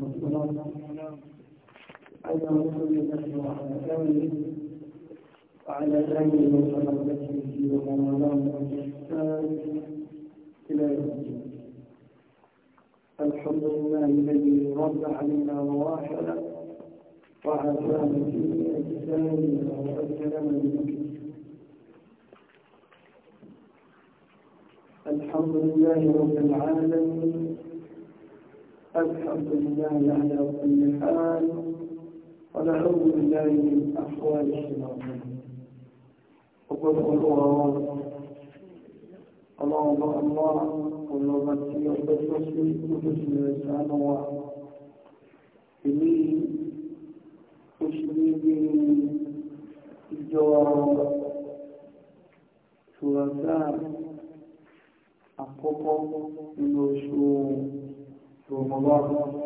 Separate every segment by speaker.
Speaker 1: والسلام على رسول الله وعلى آله وعلى آله وصحبه ومن والاه بإحسان إلى يوم الدين الحمد لله الذي رد علينا مواحدا وعافانا في أجسامنا وأكرمنا الحمد لله رب العالمين الحمد لله على كل حال ونعوذ بالله من أحوال الشياطين وقل الله اللهم الله اللهم تي وتسوسي الله لسان èmi oṣù níbi ìjọ ṣùgbọ́n àkọ́kọ́ nínú oṣù رمضان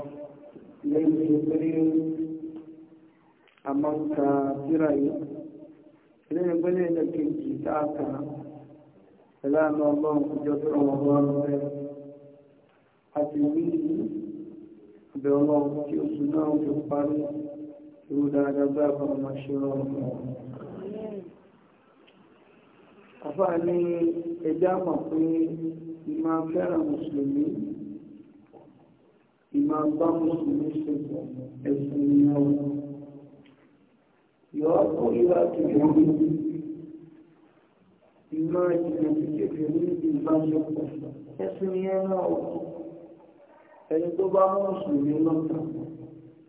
Speaker 1: ليس يبين أمامك ترأي لن يبين لك جيتاك سلام الله جد رمضان àti ní ìbẹ̀ ọlọ́run tí ó sùn náà tó parí irú dáadáa bá ọmọ ṣe rọrùn àfáà ní ẹjá y mandamos en este el ìmọ̀ bá mùsùlùmí ṣe ẹ̀sùn ìyàwó yọ̀ọ́ kó ìwà kìkìrì ìmọ̀ ìjìnlẹ̀ kìkìrì ní ìbáṣepọ̀ ẹ̀sùn ìyàwó ẹni tó bá mùsùlùmí lọ́tà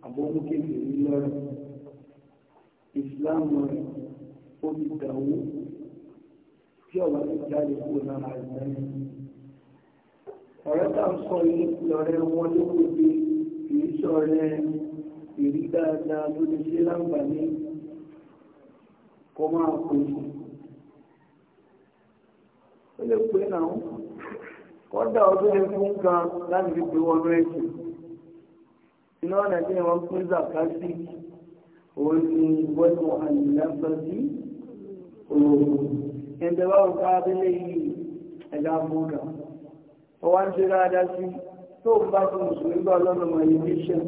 Speaker 1: àbọ̀mú kékeré lọ́rẹ̀ ìsìláàmù rẹ̀ ó ti dàwó tí ọ̀wá a estar en una ìgbẹ́ni ọ̀rẹ́ tá ń sọ yìí lọ́rẹ́ wọn ló kó gbé kìí sọ̀rẹ́ ìrí dáadáa ló lè ṣe láǹfààní kọ́ máa pè fún. ó lè pè náà kọ́dà ọdún ẹni fún kan láti fi pè wọnú ẹ̀sìn. iná ọ̀nà tí wọ́n pín zakasi òun ni wọ́n mọ̀ àyìnlásọ́sí òòrùn. ẹ̀ńdẹ̀wá òkú abẹ́lé yìí ẹ̀dá mọ́ra ọwá ń ṣe dáadáa sí tó bá ti mùsùlùmí bá lọ́nà mọ̀ education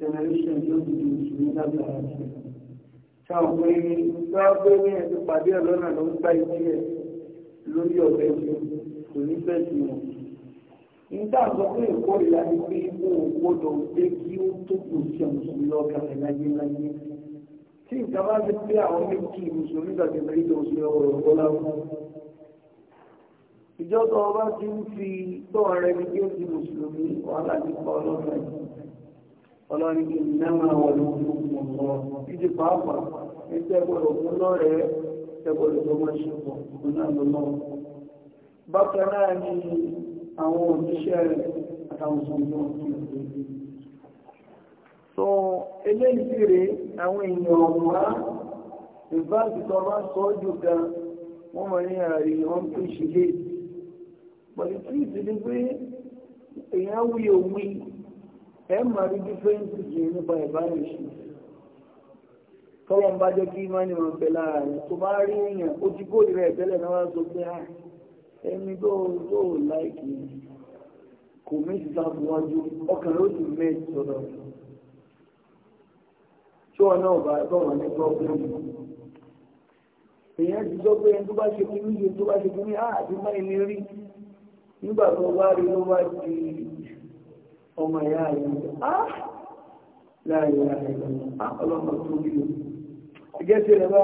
Speaker 1: generation yóò di mùsùlùmí lágbára sí táwọn pé ní tó wá pé ní ẹ̀sìn pàdé ọlọ́nà ló ń gbá ibi ẹ̀ lórí ọ̀bẹ tí kò ní fẹ́ sí wọn. nígbà tó pé ìkórìíra ni pé ipò ògbódò dé kí ó tó kù sí mùsùlùmí lọ́gà rẹ̀ láyé láyé. tí ìjọba ti pé àwọn méjì mùsùlùmí ìjọba ọba ti ń fi tó ọrẹ ní bí ó ti mùsùlùmí wàhálà ti pa ọlọ́run ọlọ́run kì í náà wọ̀ ló fún ọmọ títí pàápàá ẹgbẹ́ gbọ́dọ̀ fún lọ́rẹ̀ẹ́ ẹgbọ́dọ̀ tó máa ṣe pọ̀ fún náà lọ́wọ́ bákan náà ni àwọn òṣìṣẹ́ rẹ̀ àtàwọn sọ̀rọ̀ ti ń pè é so eléyìí rèé àwọn èèyàn ọ̀wá ìbáàdì tó sọ ọ́ jù gan wọ́n mọ̀ ní ààrẹ wọn tó ṣe pẹ̀lú tí ìdílé pé èèyàn wí òwin ẹ máa rí dífẹ́ǹsì jù nípa ìbáraẹ̀ṣù tọ́wọ́n bá jẹ́ kí má ní ọ̀rọ̀ pẹ̀lá rẹ̀ tó bá rí èèyàn ó ti kó ìrẹ̀ tẹ́lẹ̀ náà wá sọ pé à ah, ẹni tó tó láìkì kò méjì sáfúnwájú ọkàn ló sì méjì sọ̀rọ̀ tí wọn náà bá sọ̀rọ̀ ní pọ́blẹ́mù èèyàn ti sọ pé ẹni tó bá ṣe kí ní ṣe tó bá ṣe kí ní ah, àti má ilé rí nígbà tó wá rí ló wá di ọmọ ìyá rẹ̀ láàrin ìyá rẹ̀ ọlọ́mọ tó rí o ẹgẹ́ tí rẹ̀ bá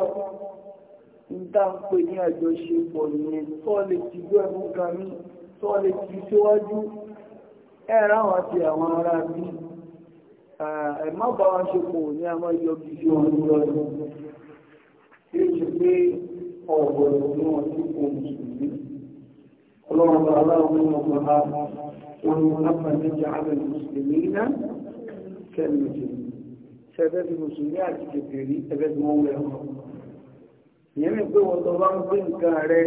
Speaker 1: ń dá ń pè ní àjọṣepọ̀ ìyẹn tọ́ọ̀lẹ̀ ti gbé ẹ̀mú kàmí tọ́ọ̀lẹ̀ ti síwájú ẹ̀rá àwọn àti àwọn ará bí ẹ̀má bá wọn ṣe pọ̀ ní a máa yọ bí wọn lọ ẹ̀rọ ṣe pé ọ̀gbọ̀n tí wọ́n ti pọ̀ اللهم الله منهم وهذا ونقم نجعل المسلمين كالمجرمين سبب المسلمين كبيري سبب مولاهم yẹ́nì pé wọ́n tó bá ń gbé nǹkan rẹ̀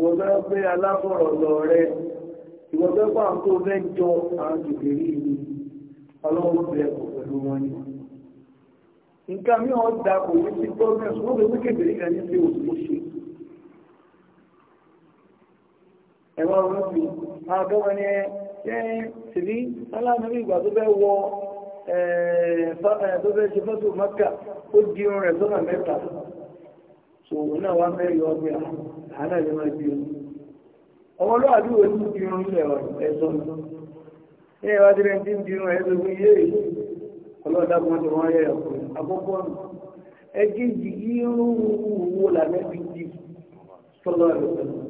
Speaker 1: wọ́n tó gbé aláfọ̀rọ̀ lọ rẹ̀ ìwọ́n tó bá ń tó fẹ́ jọ àwọn kìkìrí ni ọlọ́run bẹ̀rẹ̀ kò pẹ̀lú wọn ni. nǹkan mi ò da kò ní sí gọ́ọ̀mẹ̀ntì wọ́n fi wíkèdè nígbà ní pé òṣèlú ṣe ẹ̀wọ̀n olóògbé àádọ́wọ̀n ni ẹ ṣèlú aláàmì ìgbà tó fẹ́ wọ tó fẹ́ ṣe fọ́tò mọ́kà ó di irun rẹ̀ sọ́nà mẹ́ta ṣòwò náà wá fẹ́ yọ ọgbẹ́ ah, àánà lè máa di irun ọmọ olóòdì wo ní irun ilẹ̀ ẹ̀sọ́ ní ẹ̀wá tí rẹ̀ ti ń di irun ẹ̀sọ́ fún iye yìí ọlọ́ọ̀dá kan tó wọ́n yẹ ọkùnrin àkọ́kọ́ nù ẹgbẹ́ ìdí irun wo làmẹ́bí di sọ́lọ́ ẹ̀sọ́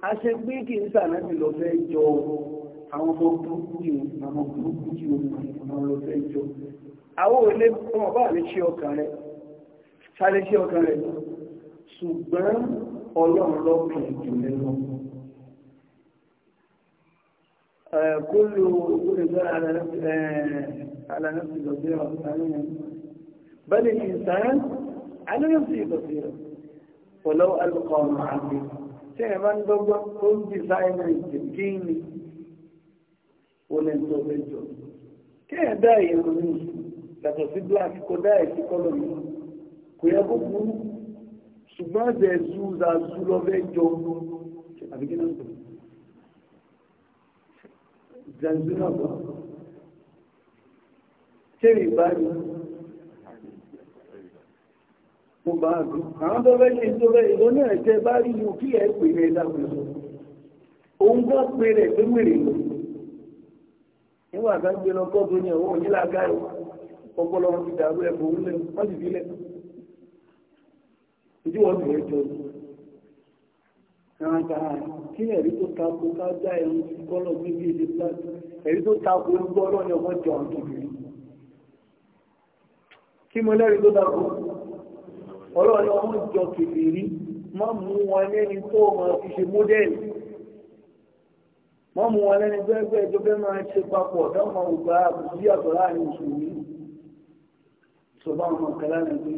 Speaker 1: a ṣe pé kí n sànẹ́bì lọ fẹ́ jọ àwọn ọmọ burúkú yìí àwọn burúkú yìí wọn lọ fẹ́ jọ àwọn olè ọmọ bá lè ṣe ọkàn rẹ sáré ṣe ọkàn rẹ ṣùgbọ́n ọlọ́run lọ́kàn jù lẹ́nu kúlù olùgbé alànàfì lọ́gbẹ́rọ bẹ́ẹ̀ ni ìsàn alànàfì lọ́gbẹ́rọ pọ̀lọ́ alùkọ́ ọmọ àgbẹ̀ tí ẹ bá ń dọ́gbọ́n tó ń dìsáìnì ìdíkíni onẹ̀ntọ́gbẹ́jọ kí ẹ dá ìyẹ̀wò ní yàtọ̀ sí black kó dá ẹ̀sí kọ́lọ̀ mi kò yẹ kó burú ṣùgbọ́n ẹ̀sẹ̀ zu za zu lọ́fẹ́ tó bá dùn àwọn tó fẹ́ ṣe tó fẹ́ ìlú náà jẹ bá rí mu kí ẹ pè rẹ láwùjọ òun gbọ́ pé rẹ̀ pé mèrè lò níwà ká gbé lọ kọ́ tó ní ọwọ́ òyìnlá gáyò ọpọlọ wọn ti dàrú ẹ̀ fòun lẹ wọ́n sì fi lẹ ojú wọn bẹ̀rẹ̀ jọ ní kàńtà kí ẹ̀rí tó takò ká dá ẹ̀rù sí kọ́lọ̀ níbi èdè pàtó ẹ̀rí tó takò ń gbọ́ lọ́nà ọmọ jọ àwọn kìbìrì kí mo lẹ́rìí tó takò ọlọ́run ni wọ́n jọ kèfèrí má mú wọn lẹ́ni tó máa fi ṣe mọ́dẹ́lì má mú wọn lẹ́ni gbẹ́gbẹ́ ìjọba máa ṣe papọ̀ dáwọn ògbà àbùsí àtọ̀ láàrin mùsùlùmí sọba ọmọ kẹlá ní pé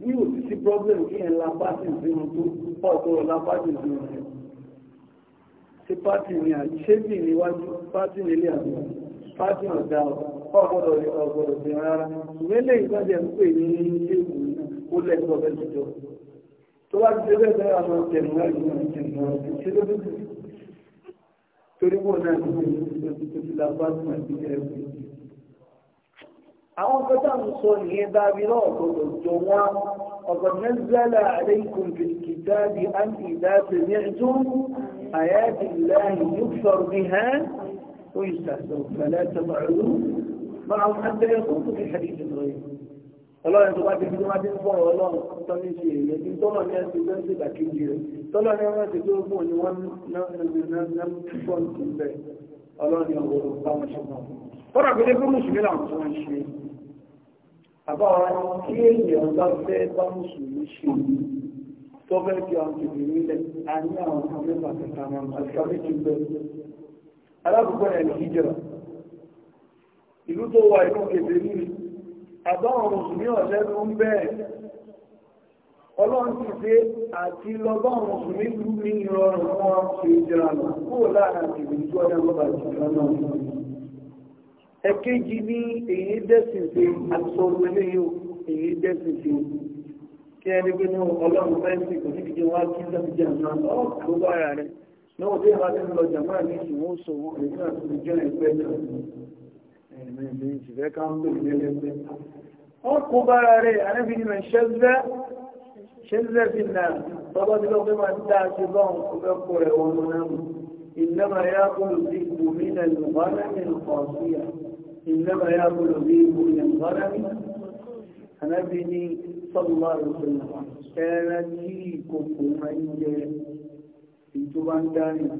Speaker 1: bí ò sí sí problem kí ẹ̀ la pàtì ìsinmi tó pọ̀ tó la pàtì ìsinmi rẹ̀ sí pàtì ní àṣẹ́bì níwájú pàtì nílé àbí pàtì ọ̀dà ọ̀gbọ̀dọ̀ ọ̀gbọ̀dọ̀ sí rárá ìwé kó lẹ́yìn ọ̀bẹ jíjọ tó bá ti débẹ̀ bẹ́ẹ̀ àwọn tẹ̀mú láti máa tẹ̀mú náà ti ṣe lóbi torí wọn náà ti ṣe tó ti la bá tún àti ẹ̀kú. àwọn kọ́tà ń sọ nìyẹn dábí náà gbọdọ̀ jọ wọn ọ̀gbọ̀n nẹ́sẹ̀lá àlẹ́kùn bìkítà bí a ń ìdá tẹ̀mí ẹ̀tún آيات الله يكفر بها ويستهزئ فلا تضعوا معهم حتى يخوضوا في حديث غيره ọlọ́run tó bá ti di tó bá ti ń fọ̀rọ̀ ọlọ́run tó ní ṣe èèyàn tí tọ́lọ̀ ní ẹ̀sìn tó ń ṣe ìdàkejì rẹ̀ tọ́lọ̀ ní ẹ̀rọ ti tó gbò ní wọ́n ná púpọ̀ ní bẹ̀ ọlọ́run ní ọ̀rọ̀ bá wọn ṣe pọ̀. fọ́nà pé kí mùsùlùmí làwọn tó ń ṣe àbá wa kí èèyàn bá fẹ́ bá mùsùlùmí ṣe tó fẹ́ fi àwọn tòbí nílẹ̀ a ní àwọn kan mẹ́fà kẹta máa àti kàwé ti bẹ̀. alákòókò ẹ̀ ìlú tó wà inú kèfèrí àbáwọn mùsùlùmí ọ̀lẹ́ ló ń bẹ́ẹ̀ ọlọ́run ti dé àti lọ́báwọn mùsùlùmí lú ní ìrọ̀rùn wọn ṣe ìjìnlẹ̀ kúrò láàrin àti ìlú tó ọdẹ lọ́bà ìjìnlẹ̀ náà ẹ̀kejì ní èyí dẹ́sìn sí àtìsọ́rọ̀ eléyìí èyí dẹ́sìn sí kí ẹni pé ní ọlọ́run fẹ́ǹsì kò níbi jẹun lọ jàmáà ní èyí náà tó mi ìṣẹ̀fẹ́ ká ń lò ní ẹgbẹ́ wọ́n kó bára rẹ̀ àníbi ni mẹ́ ṣẹ́zẹ́ ṣẹ́zẹ́ fi nà bàbá tí lọ́pẹ́ máa ń dá sí báwọn kó fẹ́ kó rẹ̀ wọn náà mú ìnáma ya kúrò sí ìgbòmí nà lùbánà mi nǹkan ìjọba ń dárìn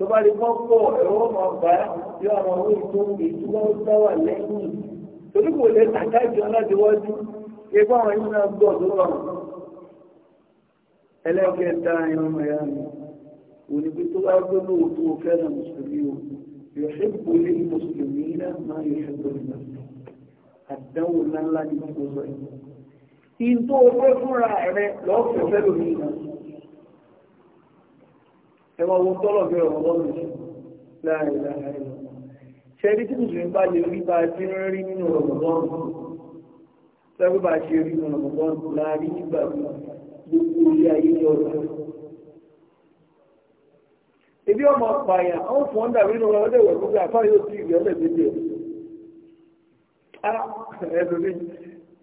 Speaker 1: tó bá lè mọ́pọ̀ ẹ̀wọ́ máa bá yọ àwọn owó ìtò ìtura ìtura wà lẹ́yìn torí kò lè tàkà ìjọ láti wájú ẹgbẹ́ àwọn yìí náà gbọ́ tó rọrùn ẹlẹ́kẹta ìran ẹ̀yà mi òníbi tó bá gbé lóòótọ́ fẹ́ràn mùsùlùmí o yọ̀ṣẹ́pù lé mùsùlùmí náà máa yọ̀ṣẹ́pù lé mùsùlùmí àdánwò ńláńlá ní gbogbo sọ yìí ẹ máa wo tọ́lọ̀ bí ọ̀rọ̀ lọ́nà ní láàrin láàrin ṣe rí tí mùsùlùmí bá lè rí bá ti ń rí nínú ọ̀rọ̀ lọ́nà sẹ́gbẹ́ bá ṣe rí nínú ọ̀rọ̀ lọ́nà láàrin nígbà gbogbo orí ayé ní ọ̀rọ̀ ebi ọmọ pààyàn àwọn fún ọ́n dàbí nínú ọ̀rọ̀ ọdẹ ìwẹ̀ gbogbo àfáà yóò ti ìrì ọ̀lẹ̀ méjì ẹ̀ ah, ẹ̀dùnmí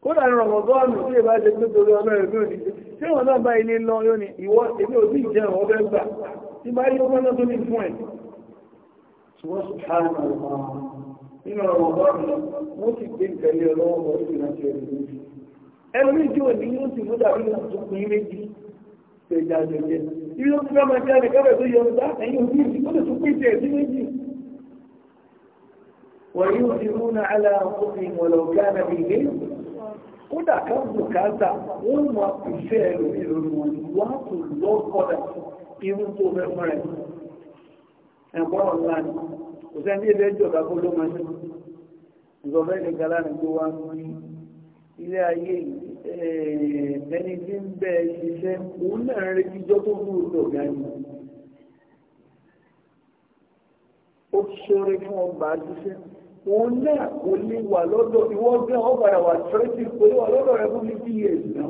Speaker 1: kódà ní ọmọgọ́ọ̀nù tí ìbá ṣe tó torí ọmọ ẹ̀gbẹ́ òní tí wọn náà bá ilé lọ yóò ní ìwọ èmi ò ìjẹun ọbẹ̀ gbà tí bá yí ọgbọ́n tó ní fún ẹ̀ ṣùgbọ́n ṣùgbọ́n nínú ọ̀rọ̀ ọ̀gbọ́n wọ́n ti gbé ìtẹ̀lé ọlọ́wọ́ ọ̀rọ̀ ìrántí ẹ̀rọ méjì ẹ̀rọ méjì ò ní yóò sì mú dàbí náà tó kún méjì pẹ̀lú àjọjẹ ibi tó ti fẹ́ máa jẹ́ ẹni kẹ́fẹ́ tó yọ ọ̀dá ẹ̀yìn òbí ìdí kó lè tún pín ìtẹ̀ sí méjì wọ́n yóò ti rú náà alá ọkùnrin ìmọ̀lọ́gá náà ilé kódà ká bùkátà wọ́n máa pèsè ẹ̀rọ ìròyìn wọn irú tó fẹ́ fún rẹ̀ ẹ̀kọ́ ọ̀la ni kò sẹ́ni ilé ìjọba kó ló máa ń ìjọba ilé gala ni tó wá ń rí ilé ayé eh, ẹni tí ń bẹ ṣiṣẹ́ òun náà ń retí ijọ́ tó kúrò lọ́gà ni ó ṣoore fún ọgbà àdúṣe òun náà kò lè wà lọ́dọ̀ ìwọ́gbẹ́ ọ̀gbàrà tẹ́lẹ̀ tí kò lè wà lọ́dọ̀ rẹ̀ fún ní bí yẹn náà.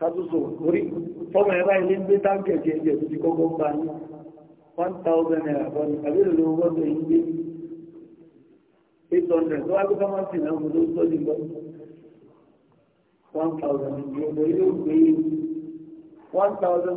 Speaker 1: kàtúnṣò orí fọ́mọ̀ ẹ̀rá ilé ń gbé táǹkì ẹ̀jẹ̀ ẹ̀jẹ̀ tó ti kọ́kọ́ ń bá yín one thousand naira kọ́ ni àbí èlò lówó gbọ́dọ̀ yín gbé eight hundred tó wá gbé fámásì náà mo ló sọ́ ní gbọ́dọ̀ one thousand ìgbìmọ̀ ilé ò gbé one thousand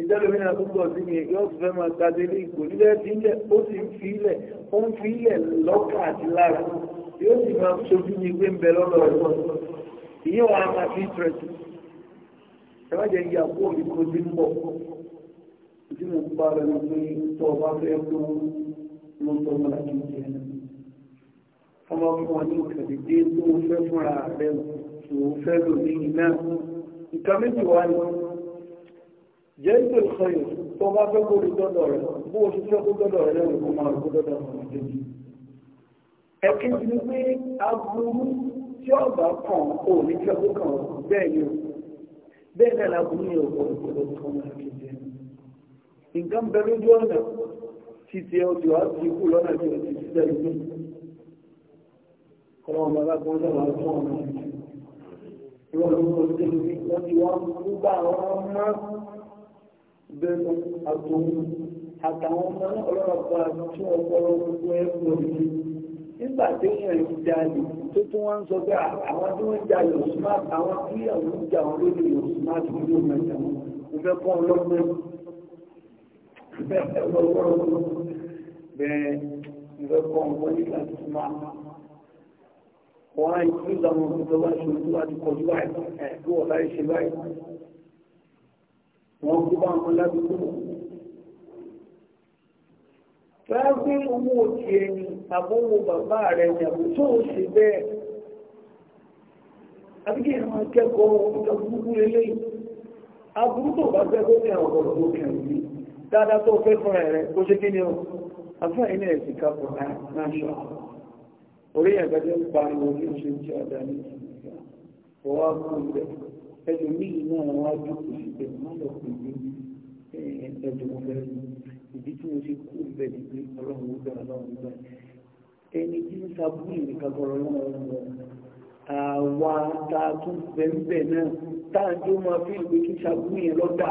Speaker 1: ìjọ́lómìnira tó gbọ́ sí mi yóò fẹ́ máa tàbí ilé ìpò nílẹ̀ tí ilẹ̀ ó sì ń fi ilẹ̀ ó ń fi ilẹ̀ lọ́kà àti lára yóò sì máa sojú ní pé ń bẹ lọ́dọ̀ ọ̀dọ́ ìyẹn wàá máa fi tẹ̀sí ẹ má jẹ́ ìyá kó omi kó ti ń bọ̀ tí mo bá rẹ̀ ní pé tó o bá fẹ́ kó mo sọ mọ́ láti jẹ́ ọmọ fún ọ ní ìkàdédé tó o fẹ́ fúnra rẹ̀ tó o fẹ́ lò ní ìná ìkà méjì ní jẹ́ǹdùn sọyìn tó bá fẹ́ kó rí dọ́dọ̀ rẹ̀ bó o ṣe fẹ́ kó dọ́dọ̀ rẹ̀ lẹ́nu kó máa kó dọ́dọ̀ ọmọ kejì. ẹ̀kejì ni pé aburú tí ọba kan ò ní fẹ́ kó kàn bẹ́ẹ̀ ni o bẹ́ẹ̀ náà laburú ni òkò òkòtò tó ọmọ kejì. nǹkan bẹ ìwọ̀n ló ń lọ sí ẹni wọ́n wọ́n mú bá ọmọ bẹ́ẹ̀ àtòun àtàwọn ọmọ náà ọlọ́rọ̀pá tí wọ́n kọ́rọ̀ gbogbo ẹ̀kọ́ yìí nígbà tí èèyàn ń jalè tó tún wọ́n ń sọ pé àwọn tí wọ́n ń jalè òsùmáàtì àwọn tí ìyàwó ń jà wọn lóde òsùmáàtì ní ìlú mẹ́ta wọn mo fẹ́ kọ́ ọlọ́gbẹ́ bẹ́ẹ̀ mo fẹ́ kọ́ ọgbọ́n nígbà tó máa wọ́n á ń kí ìlànà òṣèlú wá ṣòro tó wá ti kọjú báyìí ẹ̀ wọ́n kú bá wọn lábúgbò. Fẹ́ gbé owó òkè ẹni àbówó bàbá rẹ̀ bẹ́ẹ̀. ìrìn akẹ́kọ̀ọ́ eléyìí. tó bá fẹ́ ọ̀gọ̀rọ̀ tó Dáadáa tó fẹ́ fún kó ṣe kí ni Àfẹ́ kápọ̀ náà Orí ń ẹlòmíì náà wá jókòó síbẹ̀ má lọ pè mí ẹ̀ẹ́dùn ọ̀fẹ́ ìdí tí mo ṣe kú ìbẹ̀ ni pé ọlọ́run ó gbà ọlọ́run gbà ẹni tí ń sabúrì ní kakọrọ náà lọ àwa ta tún bẹ̀ẹ̀bẹ̀ náà táàjú máa fi ìwé kí sabúrì yẹn lọ́dà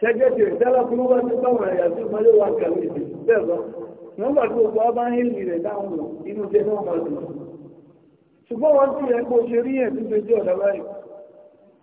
Speaker 1: ṣẹ́gẹ́dẹ̀ dára fún wọn tó báwọn ẹ̀yà tó máa lè wà kàwé bẹ́ẹ̀ bá wọ́n gbà tó gbọ́ bá ń hìlì rẹ̀ dáhùn inú jẹ́ náà máa dùn ṣùgbọ́n wọ́n ti yẹ kó ṣe rí ẹ̀ tó ṣe jẹ́ ọ̀dà báyìí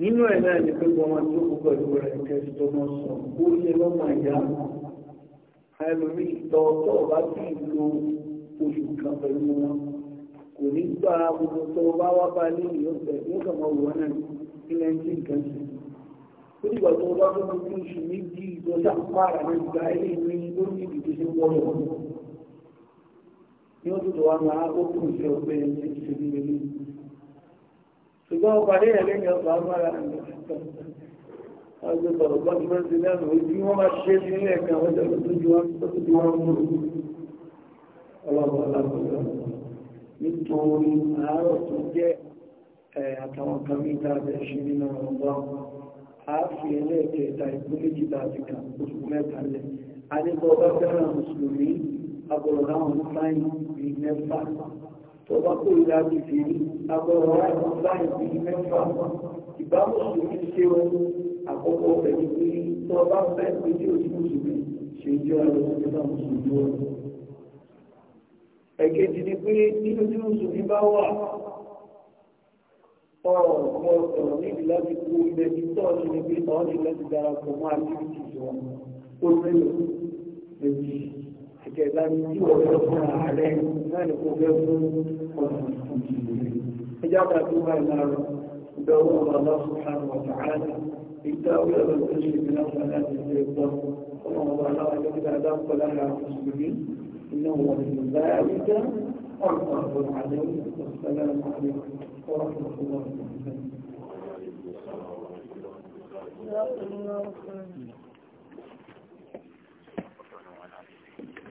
Speaker 1: nínú ẹ̀ náà ni pípọ̀ wọn tó kú pẹ̀lú rẹ̀ kẹsì tó mọ́ sọ ó yẹ lọ́mọ ìyá ẹlòmí ìtọ́ tó bá sì lo oṣù kan pẹ̀lú wọn kò ní gba gbogbo tó bá wá bá ní ìyọ̀sẹ̀ ní kàmọ́ wọn náà ní nàìjíríà nǹkan sí ó dìgbà tó bá tó gbogbo oṣù méjì tó sàpárà ní ìgbà ilé ìwé ló ní ìdìbò sí wọ́lọ̀ ní ó tó wá máa ó kù sí ọgbẹ́ ẹni ìṣèlú ṣùgbọ́n ó pàdé ẹ̀lẹ́ ní ọgbà agbára ọjọ́ bọ̀rọ̀ bọ́dù bọ́ sí lẹ́nu ojú wọn bá ṣe sí ilé ẹ̀kan ọjọ́ tó ju wọn tó ju wọn mú ọlọ́pàá lápẹ̀lẹ́ nítorí àárọ̀ tó jẹ́ àtàwọn kan ní ìdájẹ́ ṣe nínú ọgbà àáfi ẹlẹ́ẹ̀kẹta ìpín méjìlá àti kan oṣù mẹ́ta lẹ̀ adébọ̀ bá fẹ́ràn mùsùlùmí agbọ̀rọ̀ láwọn sáyìn bíi tó bá kó ìlà gbèsè ní agbọ́rọ̀ láìpọ̀ láìpọ̀ mẹ́fà ìbámu sùnmí ṣe ohun àkọ́kọ́ pẹ̀lú pé tó bá fẹ́ pé tí òṣìṣẹ́ sùnmí ṣe jẹ́ ọ̀rọ̀ tó bá mùsùlùmí wọn. ẹ̀kejì ni pé nínú tí mùsùlùmí bá wà ọ̀rọ̀ ọ̀pọ̀ ọ̀rọ̀ níbi láti kú ilẹ̀ ní tọ́ọ̀ṣì ni pé ọ̀ọ́ ní láti darapọ̀ mọ́ àti ìtìjú wọn ó lélẹ̀ ìjẹba ní tí wọ́n fẹ́ fún ààrẹ náà ní kò fẹ́ fún ọdún ẹjá bá tó bá ìlà rẹ̀ ìbẹ̀wò ọ̀rọ̀ subhanahu wa ta'ala ìdáwó ẹ̀rọ tó ṣe ìgbìnà fún aláàbò ìgbẹ́ ẹ̀gbọ́ ọmọ ọmọ aláwọ̀ ẹgbẹ́ adápọ̀ lára mùsùlùmí iná wọn ní báyìí jẹ́ ọ̀rọ̀ ọ̀rọ̀ àlẹ́ ọ̀sán Thank you.